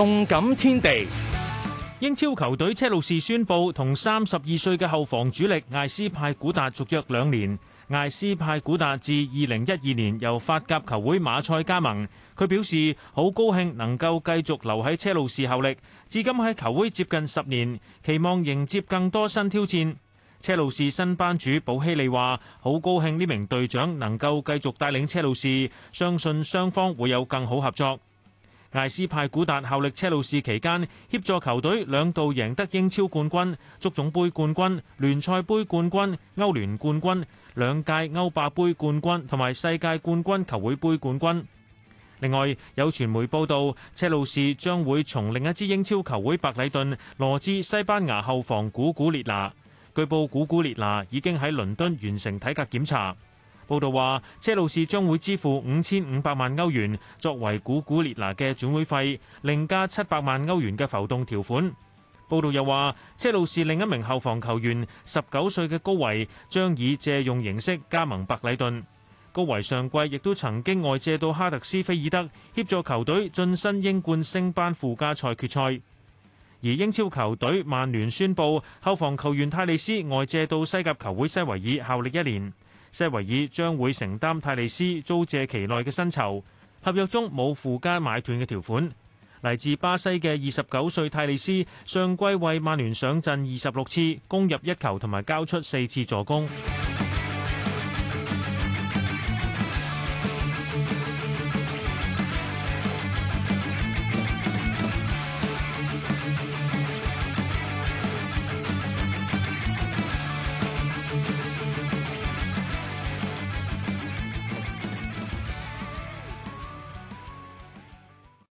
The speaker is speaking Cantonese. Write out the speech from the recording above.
動感天地，英超球隊車路士宣布同三十二歲嘅後防主力艾斯派古達續約兩年。艾斯派古達自二零一二年由法甲球會馬賽加盟，佢表示好高興能夠繼續留喺車路士效力，至今喺球會接近十年，期望迎接更多新挑戰。車路士新班主保希利話：好高興呢名隊長能夠繼續帶領車路士，相信雙方會有更好合作。艾斯派古達效力車路士期間，協助球隊兩度贏得英超冠軍、足總盃冠軍、聯賽盃冠軍、歐聯冠軍、兩屆歐霸盃冠軍同埋世界冠軍球會盃冠軍。另外，有傳媒報道，車路士將會從另一支英超球會白禮頓羅致西班牙後防古古列拿。據報古古列拿已經喺倫敦完成體格檢查。報道話，車路士將會支付五千五百萬歐元作為古古列拿嘅轉會費，另加七百萬歐元嘅浮動條款。報道又話，車路士另一名後防球員十九歲嘅高維將以借用形式加盟白禮頓。高維上季亦都曾經外借到哈特斯菲爾德，協助球隊晉身英冠升班附加賽決賽。而英超球隊曼聯宣布，後防球員泰利斯外借到西甲球會西維爾效力一年。西維爾將會承擔泰利斯租借期內嘅薪酬，合約中冇附加買斷嘅條款。嚟自巴西嘅二十九歲泰利斯，上季為曼聯上陣二十六次，攻入一球同埋交出四次助攻。